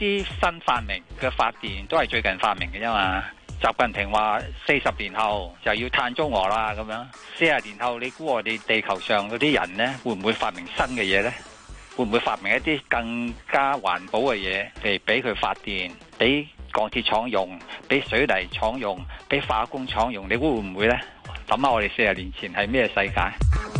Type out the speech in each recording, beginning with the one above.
啲新發明嘅發電都係最近發明嘅啫嘛。習近平話四十年後就要碳中和啦，咁樣四十年後你估我哋地球上嗰啲人呢會唔會發明新嘅嘢呢？會唔會發明一啲更加環保嘅嘢嚟俾佢發電，俾鋼鐵廠用，俾水泥廠用，俾化工廠用？你估會唔會呢？諗下我哋四十年前係咩世界？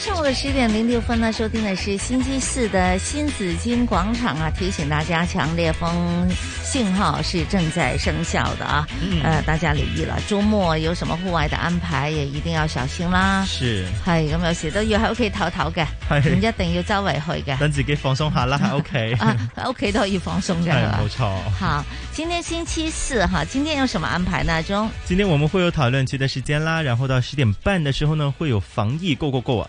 上午的十點零六分呢，收聽的是星期四的新紫荊廣場啊，提醒大家強烈風信號是正在生效的啊，嗯、呃，大家留意了。周末有什麼戶外的安排，也一定要小心啦。是，係咁有寫都有，還可以淘淘嘅，係，人一定要周圍去嘅。等自己放鬆下啦，喺屋企啊，喺屋企都可以放鬆嘅，係冇錯。好，今天星期四哈、啊，今天有什麼安排呢？中，今天我們會有討論區的時間啦，然後到十點半的時候呢，會有防疫，GOGOGO 啊。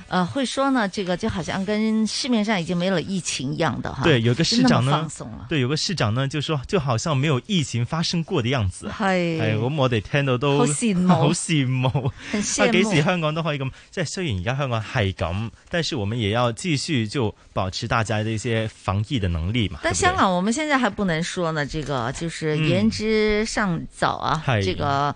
呃，會說呢，這個就好像跟市面上已經沒有疫情一樣的哈。對，有個市長呢，啊、對，有個市長呢就說，就好像沒有疫情發生過的樣子。係、哎，係、哎。咁我哋聽到都好羨慕，好羨慕。羨慕。啊，幾時香港都可以咁？即係雖然而家香港係咁，但是我們也要繼續就保持大家的一些防疫的能力嘛。但香港我們現在還不能說呢，這個就是言之尚早啊。係、嗯。這個。哎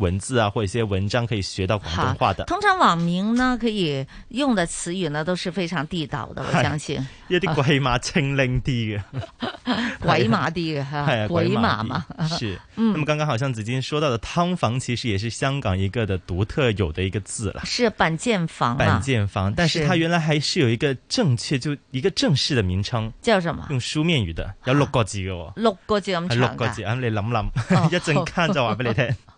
文字啊，或者一些文章可以學到廣東話的。通常網民呢可以用的詞語呢都是非常地道的，我相信。有啲鬼馬精靈啲嘅，鬼馬啲嘅吓，鬼馬嘛。是、嗯。那麼剛剛好像子矜說到的劏房，其實也是香港一個的獨特有的一個字了。是板間房。板間房、啊、房，但是它原來還是有一個正確就一個正式的名稱，叫什麼？用書面語的，有六個字嘅。六個字咁、哦、六個字我啊？你諗諗、哦，一陣間就話俾你聽。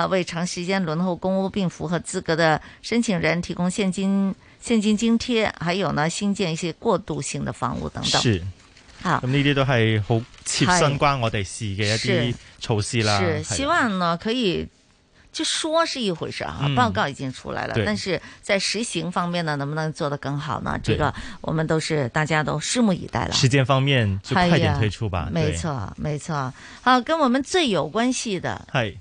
啊，為長時間輪候公屋並符合資格的申請人提供現金現金津貼，還有呢，新建一些過渡性的房屋等等。是啊，咁呢啲都係好切身關我哋事嘅一啲措施啦。是，是，是希望呢可以，就說是一回事啊，嗯，報告已經出來了，但是在實行方面呢，能不能做得更好呢？這個我們都是大家都拭目以待了。時間方面就快點推出吧。沒錯，沒錯。好，跟我們最有關係的，嗨。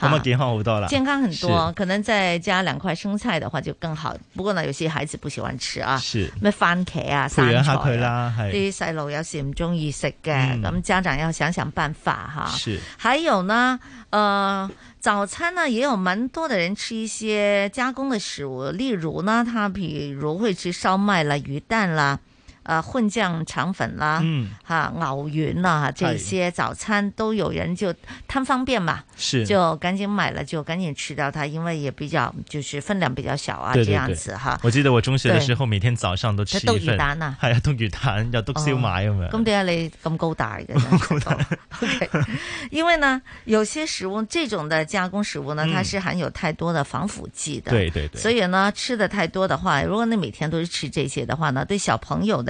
咁啊，健康好多啦！健康很多，可能再加兩塊生菜的話就更好。不過呢，有些孩子不喜歡吃啊，是咩番茄啊、三彩啦，啲細路有時唔中意食嘅，咁、嗯、家長要想想辦法哈、啊。是，還有呢，呃，早餐呢，也有蠻多的人吃一些加工的食物，例如呢，他比如會吃燒麥啦、魚蛋啦。呃、混醬腸粉啦、啊嗯，哈，熬勻啦、啊，這些早餐都有人就貪方便嘛，是、哎，就趕緊買了就趕緊吃掉它，因為也比較就是分量比較小啊，對對對這樣子哈。我記得我中學的時候，每天早上都吃豆魚蛋啊，還要凍魚蛋要篤燒賣啊嘛？咁點解你咁高大嘅？咁高大？嗯嗯、okay, 因為呢，有些食物這種的加工食物呢、嗯，它是含有太多的防腐劑的，對對，對對。所以呢，吃的太多的話，如果你每天都是吃這些的話呢，對小朋友的。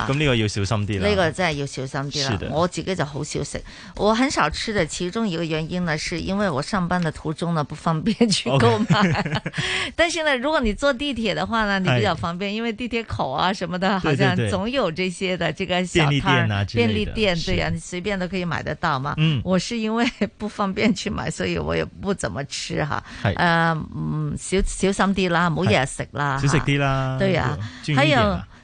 咁呢個要小心啲啦，呢、這個真係要小心啲啦。我自己就好少食，我很少吃的，其中一個原因呢，是因為我上班的途中呢，不方便去購買。Okay、 但是呢，如果你坐地鐵的話呢，你比較方便，哎、因為地鐵口啊什麼的，對對對，好像總有這些的這個小攤啊，便利店、啊、便利店對呀、啊，你隨便都可以買得到嘛、嗯。我是因為不方便去買，所以我也不怎麼吃哈。嗯、哎呃，嗯，小小心啲啦，冇嘢食啦，少食啲啦。對呀、啊啊。還有……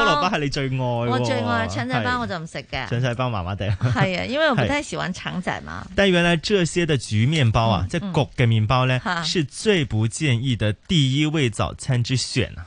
菠蘿包係你最愛的，我最愛腸仔包我就唔食嘅。腸仔包麻麻哋係啊，因為我唔太喜歡腸仔嘛。但原來這些的焗麵包啊，嗯、即係焗嘅麵包呢、嗯，是最不建議的第一位早餐之選啊！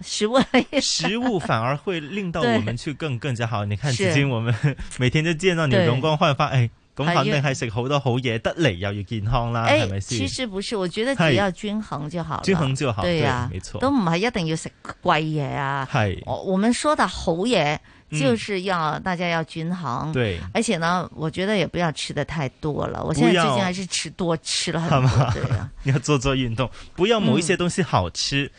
食物、哎、食物反而會令到我們去更更加好。你看，子矜，我們每天就見到你容光煥發。哎，咁肯定係食好多好嘢，得嚟又要健康啦，係咪先？哎、其實不是，我覺得只要均衡就好了。均衡就好，對呀，對沒錯。都唔係一定要食貴嘢啊。係我我們說的“好嘢”，就是要、嗯、大家要均衡。對，而且呢，我覺得也不要吃得太多了。我現在最近還是吃多吃了多，好嗎？對啊，你要做做運動，不要某一些東西好吃。嗯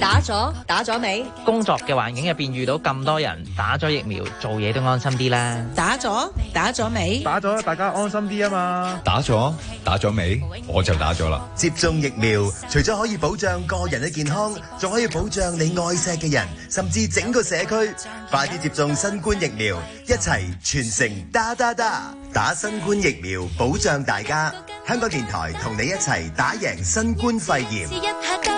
打咗打咗未？工作嘅環境入邊遇到咁多人打咗疫苗，做嘢都安心啲啦。打咗打咗未？打咗，大家安心啲啊嘛。打咗打咗未？我就打咗啦。接種疫苗，除咗可以保障個人嘅健康，仲可以保障你愛錫嘅人，甚至整個社區。快啲接種新冠疫苗，一齊全城打打打，打新冠疫苗，保障大家。香港電台同你一齊打贏新冠肺炎。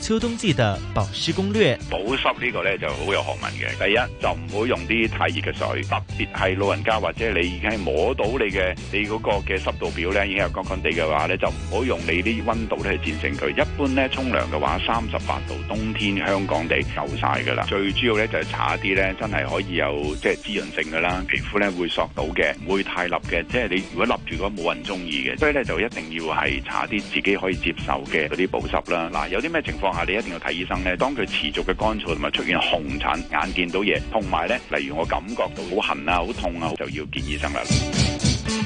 秋冬季嘅保濕攻略，保濕呢個咧就好有學問嘅。第一就唔好用啲太熱嘅水，特別係老人家或者你已經係摸到你嘅你嗰個嘅濕度表咧已經有乾乾哋嘅話咧，就唔好用你啲溫度咧去戰勝佢。一般咧沖涼嘅話，三十八度，冬天香港地夠晒噶啦。最主要咧就係搽一啲咧真係可以有即係滋潤性噶啦，皮膚咧會索到嘅，唔會太立嘅。即係你如果立住嘅話冇人中意嘅，所以咧就一定要係搽啲自己可以接受嘅嗰啲保濕啦。嗱，有啲咩情況？你一定要睇醫生咧，當佢持續嘅乾燥同埋出現紅疹，眼見到嘢，同埋咧，例如我感覺到好痕啊、好痛啊，我就要見醫生啦。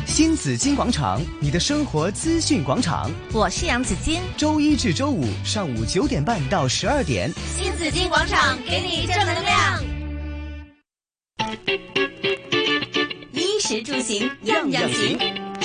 新紫荊廣場，你的生活資訊廣場，我係楊子矜。周一至周五上午九點半到十二點，新紫荊廣場給你正能量。衣食住行樣樣行。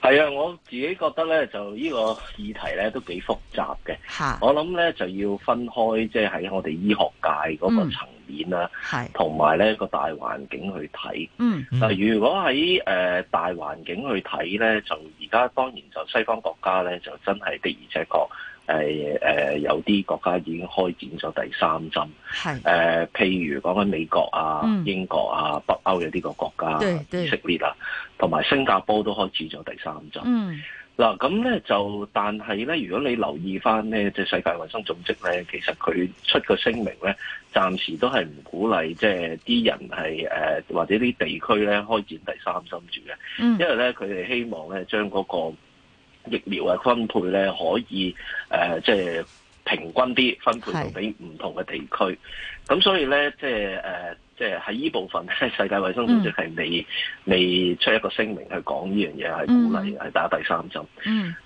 係啊，我自己覺得咧，就呢個議題咧都幾複雜嘅。嚇，我諗咧就要分開，即係喺我哋醫學界嗰個層面啦，係，同埋咧個大環境去睇。嗯，嗱，這個嗯、如果喺、呃、大環境去睇咧，就而家當然就西方國家咧，就真係的而且確。係、呃、誒、呃、有啲國家已經開展咗第三針，係誒、呃、譬如講緊美國啊、嗯、英國啊、北歐嘅呢個國家、對對以色列啊，同埋新加坡都開始咗第三針。嗱咁咧就，但係咧，如果你留意翻咧，即、就、係、是、世界衞生組織咧，其實佢出個聲明咧，暫時都係唔鼓勵即係啲人係誒、呃、或者啲地區咧開展第三針住嘅、嗯，因為咧佢哋希望咧將嗰、那個。疫苗嘅分配咧，可以誒即係平均啲分配到俾唔同嘅地區咁。所以咧，即係誒。呃即係喺呢部分咧，世界衞生組織係未未出一個聲明去講呢樣嘢，係鼓勵係、mm -hmm. 打第三針。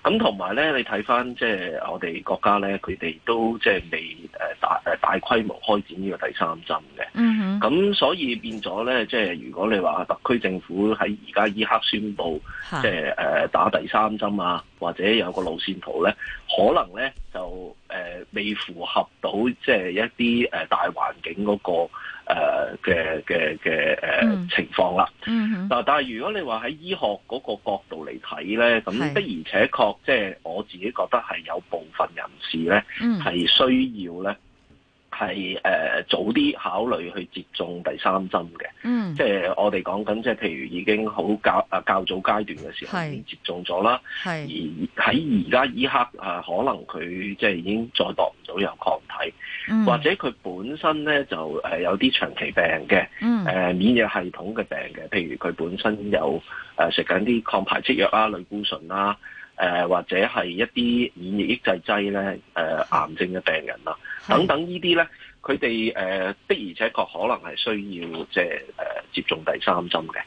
咁同埋咧，你睇翻即係我哋國家咧，佢哋都即係未誒大誒大規模開展呢個第三針嘅。咁、mm -hmm. 所以變咗咧，即、就、係、是、如果你話特區政府喺而家依刻宣布就是、呃，即係誒打第三針啊，或者有個路線圖咧，可能咧就誒、呃、未符合到即係一啲誒大環境嗰、那個。誒嘅嘅嘅誒情況啦，嗱、嗯嗯、但係如果你話喺醫學嗰個角度嚟睇咧，咁的而且確即係、就是、我自己覺得係有部分人士咧係、嗯、需要咧。係誒、呃、早啲考慮去接種第三針嘅、嗯，即係我哋講緊，即係譬如已經好較誒較早階段嘅時候已經接種咗啦，而喺而家依刻、呃、可能佢即係已經再度唔到有抗體，嗯、或者佢本身咧就、呃、有啲長期病嘅誒、嗯呃、免疫系統嘅病嘅，譬如佢本身有誒、呃、食緊啲抗排斥藥啊、類固醇啦、啊誒，或者係一啲免疫抑制劑咧，誒、呃，癌症嘅病人啦，等等呢啲咧，佢哋誒的，而且確可能係需要即係誒接種第三針嘅。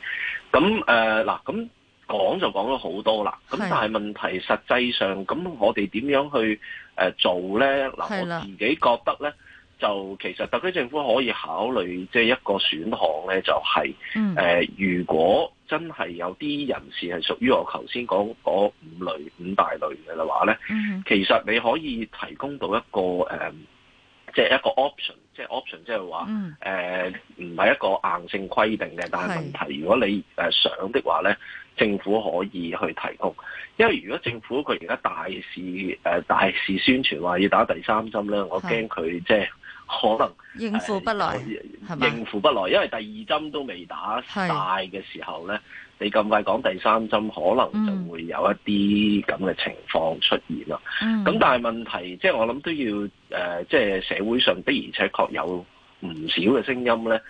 咁誒嗱，咁、呃、講就講咗好多啦。咁但係問題實際上，咁我哋點樣去誒、呃、做咧？嗱、呃，我自己覺得咧，就其實特區政府可以考慮即係一個選項咧，就係、是、誒、嗯呃，如果。真係有啲人士係屬於我頭先講嗰五類、五大類嘅話咧，mm -hmm. 其實你可以提供到一個即係、呃即係、一個 option，即係 option，即係話唔係一個硬性規定嘅，但係問題如果你、呃、想嘅話咧，政府可以去提供，因為如果政府佢而家大肆、呃、大肆宣傳話要打第三針咧，我驚佢即係。可能應付不來、呃，應付不來，因為第二針都未打曬嘅時候咧，你咁快講第三針，可能就會有一啲咁嘅情況出現啦。咁、嗯、但係問題，即、就、係、是、我諗都要即係、呃就是、社會上的，而且確有唔少嘅聲音咧，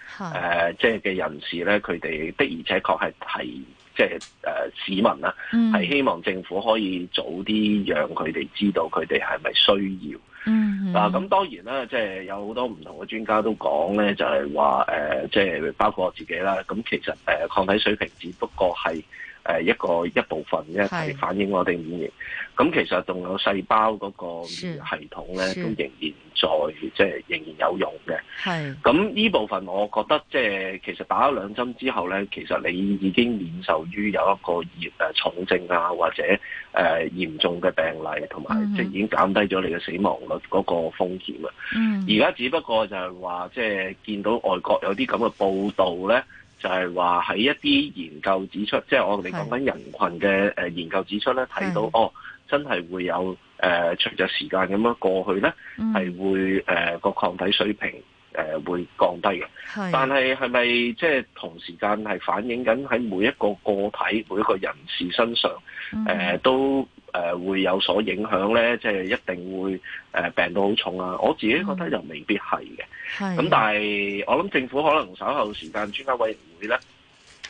即係嘅人士咧，佢哋的而且確係即係誒市民啦、啊，係、mm. 希望政府可以早啲讓佢哋知道佢哋係咪需要。嗱、mm. 啊，咁當然啦，即、就、係、是、有好多唔同嘅專家都講咧，就係話誒，即、呃、係、就是、包括我自己啦。咁其實誒、呃、抗體水平只不過係，誒一個一部分咧係反映我哋免疫，咁其實仲有細胞嗰個系統咧，都仍然在即係、就是、仍然有用嘅。係咁呢部分，我覺得即係、就是、其實打咗兩針之後咧，其實你已經免受於有一個嚴誒重症啊，或者誒、呃、嚴重嘅病例，同埋即係已經減低咗你嘅死亡率嗰個風險啊。嗯，而家只不過就係話即係見到外國有啲咁嘅報道咧。就係話喺一啲研究指出，即係我哋講緊人群嘅研究指出咧，睇到哦，真係會有誒隨、呃、著時間咁樣過去咧，係會誒個抗體水平，誒、呃、會降低嘅，但係係咪即係同時間係反映緊喺每一個個體、每一個人士身上，誒、嗯呃、都誒、呃、會有所影響咧？即、就、係、是、一定會誒、呃、病到好重啊！我自己覺得又未必係嘅，咁、嗯嗯、但係我諗政府可能稍後時間專家委員會咧，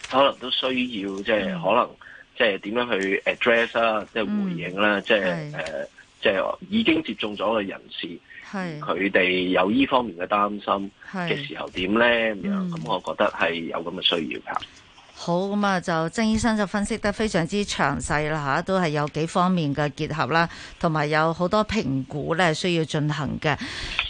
可能都需要即係、就是嗯、可能即係點樣去 address 啦、啊，即、就、係、是、回應啦、啊，即係誒即係已經接種咗嘅人士。佢哋有依方面嘅擔心嘅時候點咧，咁樣咁，嗯、我覺得係有咁嘅需要嘅。好咁啊，就曾醫生就分析得非常之詳細啦吓，都係有幾方面嘅結合啦，同埋有好多評估咧需要進行嘅。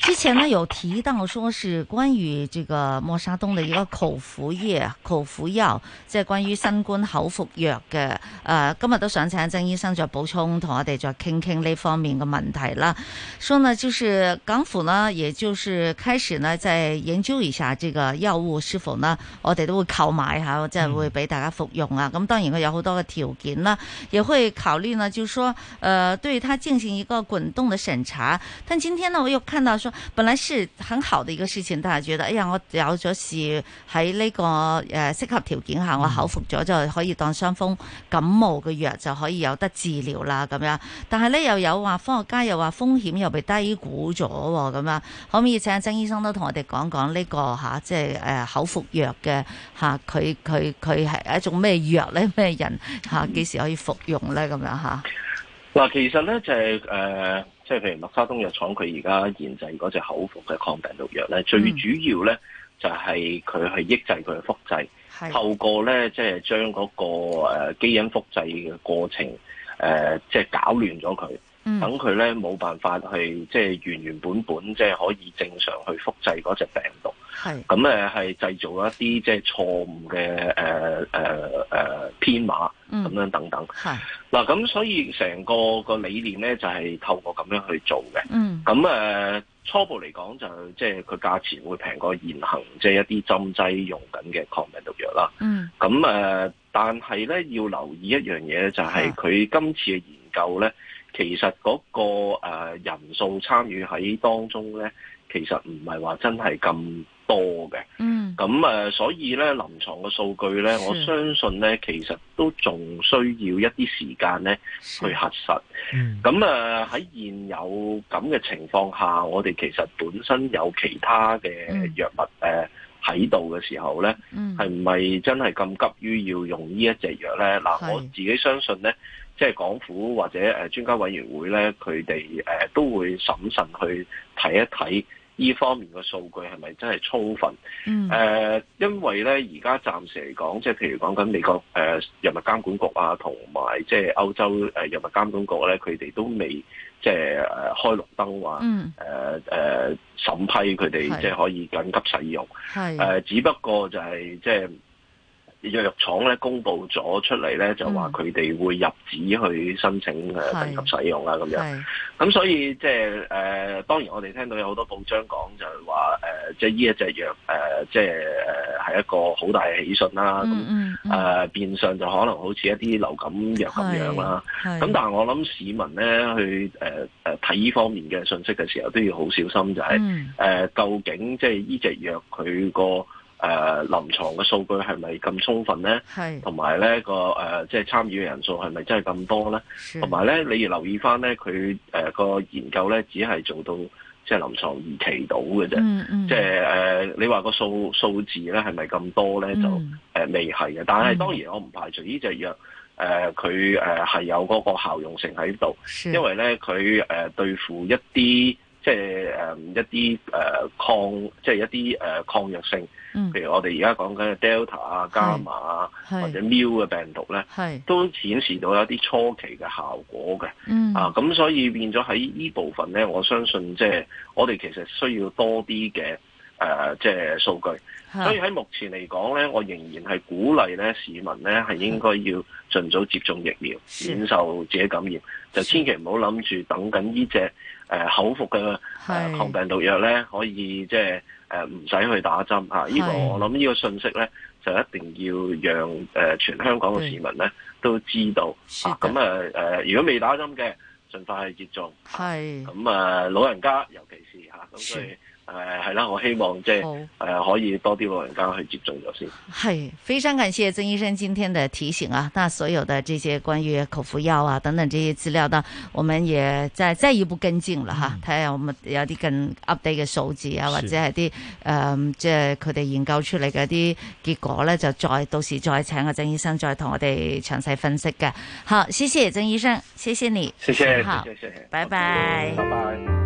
之前呢，有提到，說是關於這個莫沙東嘅一個口服液、口服藥，即係關於新冠口服藥嘅。誒、呃，今日都想請曾醫生再補充，同我哋再傾傾呢方面嘅問題啦。所以呢，就是港府呢，也就是開始呢，再研究一下這個藥物是否呢，我哋都會購買嚇，即係會俾大家服用啊，咁當然佢有好多嘅條件啦、啊，也會考慮呢，就是、說，誒、呃，對他進行一個滾動的審查。但係今天呢，我又看到說，本來是很好的一個事情，但係覺得，哎呀，我有咗事喺呢、這個誒、呃、適合條件下，我口服咗就可以當傷風感冒嘅藥就可以有得治療啦，咁樣。但係呢又有話，科學家又話風險又被低估咗咁樣，可唔可以請曾醫生都同我哋講講呢、這個吓、啊，即係誒、啊、口服藥嘅吓，佢、啊、佢。他他佢係一種咩藥咧？咩人嚇？幾時可以服用咧？咁樣嚇？嗱，其實咧就係、是、誒，即係譬如麥沙東藥廠佢而家研製嗰隻口服嘅抗病毒藥咧，嗯、最主要咧就係佢係抑制佢嘅複製，的透過咧即係將嗰個誒基因複製嘅過程誒，即、就、係、是、搞亂咗佢，等佢咧冇辦法去即係原原本本即係可以正常去複製嗰隻病毒。咁誒，係製造一啲即係錯誤嘅誒誒誒編碼咁樣等等。係、嗯、嗱，咁所以成個個理念咧，就係、是、透過咁樣去做嘅。嗯，咁誒初步嚟講就即係佢價錢會平過現行即係、就是、一啲針劑用緊嘅抗病毒藥啦。嗯，咁誒，但係咧要留意一樣嘢咧，就係、是、佢今次嘅研究咧，其實嗰個誒人數參與喺當中咧，其實唔係話真係咁。多嘅，咁、嗯、誒、呃，所以咧臨床嘅數據咧，我相信咧，其實都仲需要一啲時間咧去核實。咁誒喺現有咁嘅情況下，我哋其實本身有其他嘅藥物誒喺度嘅時候咧，係唔係真係咁急於要用一呢一隻藥咧？嗱、啊，我自己相信咧，即係港府或者誒專、呃、專家委員會咧，佢哋誒都會審慎去睇一睇。呢方面嘅數據係咪真係充分？誒、嗯呃，因為咧而家暫時嚟講，即係譬如講緊美國誒人、呃、物監管局啊，同埋即係歐洲誒人、呃、物監管局咧，佢哋都未即係開綠燈話誒誒審批佢哋即係可以緊急使用。係誒、呃，只不過就係即係。呃藥藥廠咧公布咗出嚟咧、嗯,就話佢哋會入紙去申請誒緊急使用啦，咁樣。咁所以即係誒，當然我哋聽到有好多報章講就係話誒，即係呢一隻藥誒，即係係一個好大嘅喜訊啦。咁、嗯、誒、嗯呃，變相就可能好似一啲流感藥咁樣啦。咁但係我諗市民咧去誒誒睇呢方面嘅信息嘅時候都要好小心、就是嗯呃，就係誒究竟即係呢隻藥佢個。誒、呃、臨床嘅數據係咪咁充分咧？係，同埋咧個誒即係參與嘅人數係咪真係咁多咧？係。同埋咧，你要留意翻咧，佢誒個研究咧只係做到即係、就是、臨床二期度嘅啫。嗯嗯。即係誒，你話個數數字咧係咪咁多咧、嗯？就誒未係嘅。但係當然我唔排除呢隻藥誒佢誒係有嗰個效用性喺度。係。因為咧佢誒對付一啲。即係誒、嗯、一啲誒、呃、抗，即係一啲誒、呃、抗藥性、嗯，譬如我哋而家講緊嘅 Delta 啊、伽馬啊或者 Mu 嘅病毒咧，都顯示到一啲初期嘅效果嘅、嗯。啊，咁所以變咗喺呢部分咧，我相信即係我哋其實需要多啲嘅誒，即係數據。所以喺目前嚟講咧，我仍然係鼓勵咧市民咧係應該要盡早接種疫苗，免受自己感染，就千祈唔好諗住等緊呢隻。誒、呃、口服嘅誒抗病毒藥咧，可以即係誒唔使去打針嚇。依個我諗呢個信息咧，就一定要讓誒、呃、全香港嘅市民咧都知道嚇。咁啊誒、呃呃，如果未打針嘅，儘快去接種。係、啊。咁啊、呃，老人家尤其是嚇，咁、啊、所以。誒，係啦，我希望即係誒，可以多啲老人家去接種咗先。係，非常感謝曾醫生今天的提醒啊！那所有的這些關於口服藥啊等等這些資料，呢，我們也再再一步跟進了哈、啊。睇、嗯、下我們有啲更 update 嘅數字啊，或者係啲誒，即係佢哋研究出嚟嘅一啲結果咧，就再到時再請阿曾醫生再同我哋詳細分析嘅。好，謝謝曾醫生，謝謝你，謝謝好謝謝，謝謝，拜拜，拜、okay，拜。.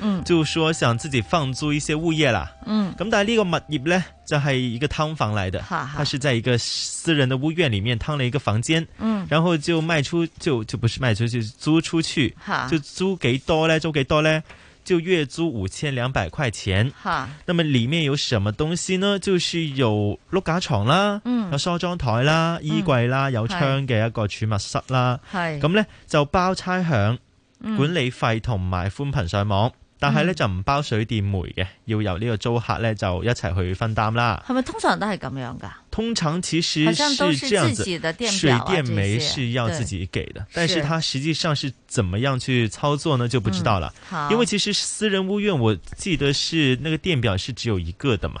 嗯，就說想自己放租一些物業啦。嗯，咁但係呢個物業咧，就係、是、一個劏房嚟嘅，佢係在一個私人的屋苑裏面劏了一個房間。嗯，然後就賣出就就不是賣出，就租出去。好，就租幾多咧就幾多咧，就月租五千兩百塊錢。哈，那麼裏面有什麼東西呢？就是有碌架床啦，嗯，有梳妝台啦、嗯，衣櫃啦，嗯、有窗嘅一個儲物室啦。係、嗯，咁咧就包差餉、嗯、管理費同埋寬頻上網。但係咧就唔包水電煤嘅，要由呢個租客咧就一齊去分擔啦。係咪通常都係咁樣噶？通常其實是這樣子水電煤是要自己給的、嗯，但是它實際上是怎麼樣去操作呢？就不知道了、嗯。因為其實私人屋苑，我記得是那個電錶是只有一個的嘛。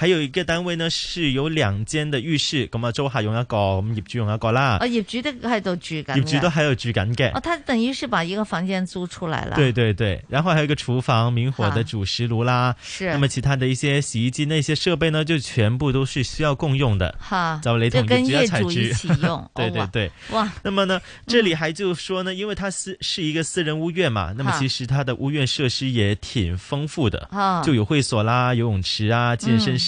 還有一個單位呢，是有兩間的浴室，咁啊租客用一個，咁業主用一個啦。哦，業主都喺度住緊。業主都喺度住緊嘅。哦，他等於是把一個房間租出來啦。對對對，然後還有一個廚房，明火的主食爐啦。是。那麼其他的一些洗衣機那些設備呢，就全部都是需要共用的。哈好。就跟業主要采一起用。 對對對哇。哇。那麼呢，這裏還就說呢，嗯、因為它是是一個私人屋苑嘛，那麼其實它的屋苑設施也挺豐富的，就有會所啦、游泳池啊、健身室、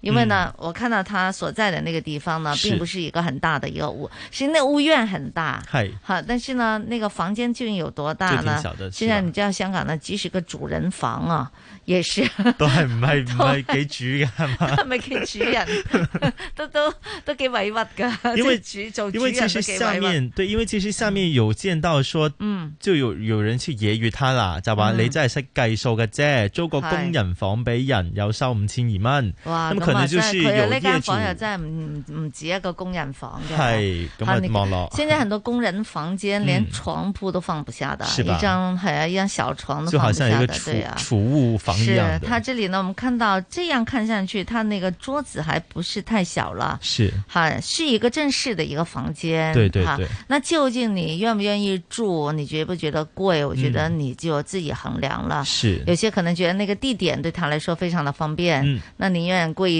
因為呢、嗯，我看到他所在的那個地方呢，並不是一個很大的一個屋，其實那屋苑很大，係，好，但是呢，那個房間究竟有多大呢？現在你知道香港呢，即使，啊、是個主人房啊，也是，是 都係唔係唔係幾主噶嘛？ 都係唔係幾主人，都都都幾委屈噶。因為 就主做主因為因為其實下面，實下面對，因為其實下面有見到說，嗯，就有有人去揶揄他啦、嗯，就話你真係識計數嘅啫、嗯，租個工人房俾人、哎，有收五千二蚊，咁哇塞，可以啊！那間房也在嗯嗯，唔個工人房嘅，現在很多工人的房間連床鋪都放不下的，嗯、一張係一張小床都放不下的，對啊，儲物房間是佢這裡呢，我們看到這樣看上去，他那個桌子還不是太小了。是，哈，是一個正式的一個房間對對對，對對對。那究竟你願不願意住？你覺不覺得貴？我覺得你就自己衡量了。嗯、是，有些可能覺得那個地點對他來說非常的方便，嗯，那寧願意貴。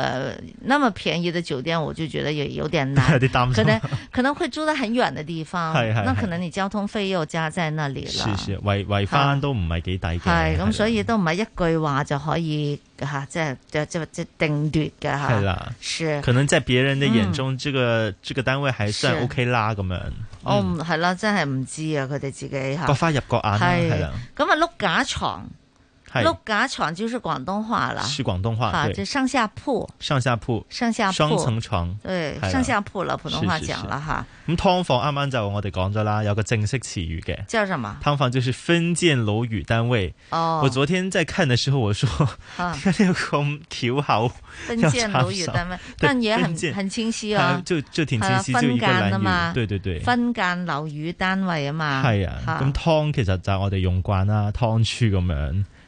誒，那麼便宜的酒店，我就覺得也有，有點難， 擔心可能可能會租得很遠的地方， 那可能你交通費又加在那裏啦，係 係，圍圍翻都唔係幾抵係咁，所以都唔係一句話就可以吓，即係即即即定奪嘅吓，係、啊、啦，可能在別人的眼中，這個、嗯、這個單位還算是 OK 啦，咁樣，哦，唔係啦，真係唔知啊，佢哋自己吓、啊，各花入各眼係啦，咁啊碌架床。碌架床就是廣東話啦，是廣東話。好，就上下鋪，上下鋪，上下鋪雙層床，對，上下鋪了、啊、普通話講了哈。咁劏、啊嗯、房啱啱就我哋講咗啦，有個正式詞語嘅，叫什麼？劏房就是分間樓宇單位。哦，我昨天在看的時候，我說啊，有咁巧巧分間樓宇單位，但也很 但但也很清晰、哦、啊就就挺清晰，啊、就一個單元，對對對，分間樓宇單位啊嘛。係啊，咁劏、嗯、其實就我哋用慣啦、啊，劏租咁樣。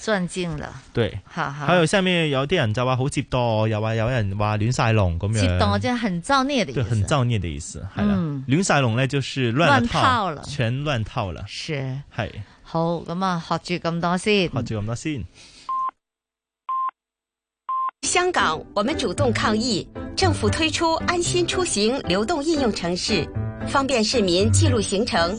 鑽進了，對，好，好，還有下面有啲人就話好折墮，又話有人話亂晒龍咁樣。折墮即係很造孽的，對，很造孽的意思，係啦，嗯，嗯，亂晒龍呢，就是亂套了，全亂套了，是，係，好，咁啊學住咁多先，學住咁多先。香港，我們主動抗疫，政府推出安心出行流動應用程式，方便市民記錄行程。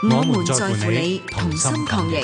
我們在乎你同心抗疫。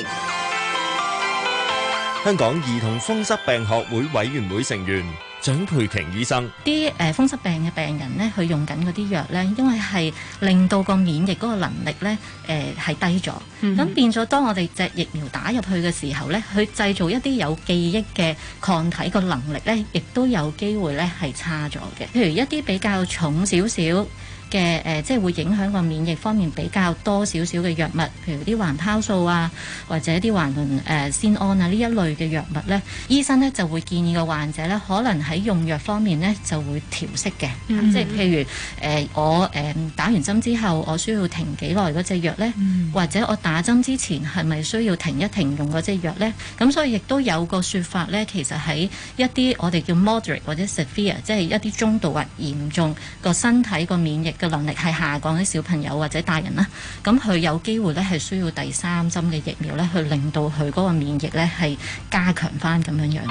香港兒童風濕病學會委員會成員蔣佩瓊醫生，啲誒風濕病嘅病人咧，佢用緊嗰啲藥咧，因為係令到個免疫嗰個能力咧，誒、呃、係低咗，咁、mm -hmm. 變咗當我哋隻疫苗打入去嘅時候咧，佢製造一啲有記憶嘅抗體個能力咧，亦都有機會咧係差咗嘅。譬如一啲比較重少少。嘅誒，即係會影響個免疫方面比較多少少嘅藥物，譬如啲環孢素啊，或者啲環磷誒酰胺啊呢一類嘅藥物咧，醫生咧就會建議個患者咧，可能喺用藥方面咧就會調適嘅，即係，mm-hmm. 譬如誒我誒打完針之後，我需要停幾耐嗰隻藥咧，mm -hmm. 或者我打針之前係咪需要停一停用嗰隻藥咧？咁所以亦都有個説法咧，其實喺一啲我哋叫 moderate 或者 severe，即係一啲中度或嚴重個身體個免疫。嘅能力係下降，啲小朋友或者大人啦，咁佢有機會咧係需要第三針嘅疫苗咧，去令到佢嗰個免疫咧係加強返咁樣樣。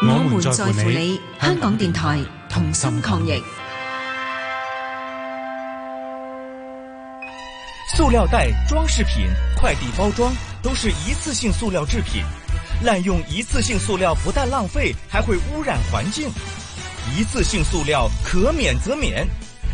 我們在乎你，香港電台同心抗疫。塑料袋、裝飾品、快遞包裝都是一次性塑料製品，濫用一次性塑料不但浪費，還會污染環境。一次性塑料可免則免。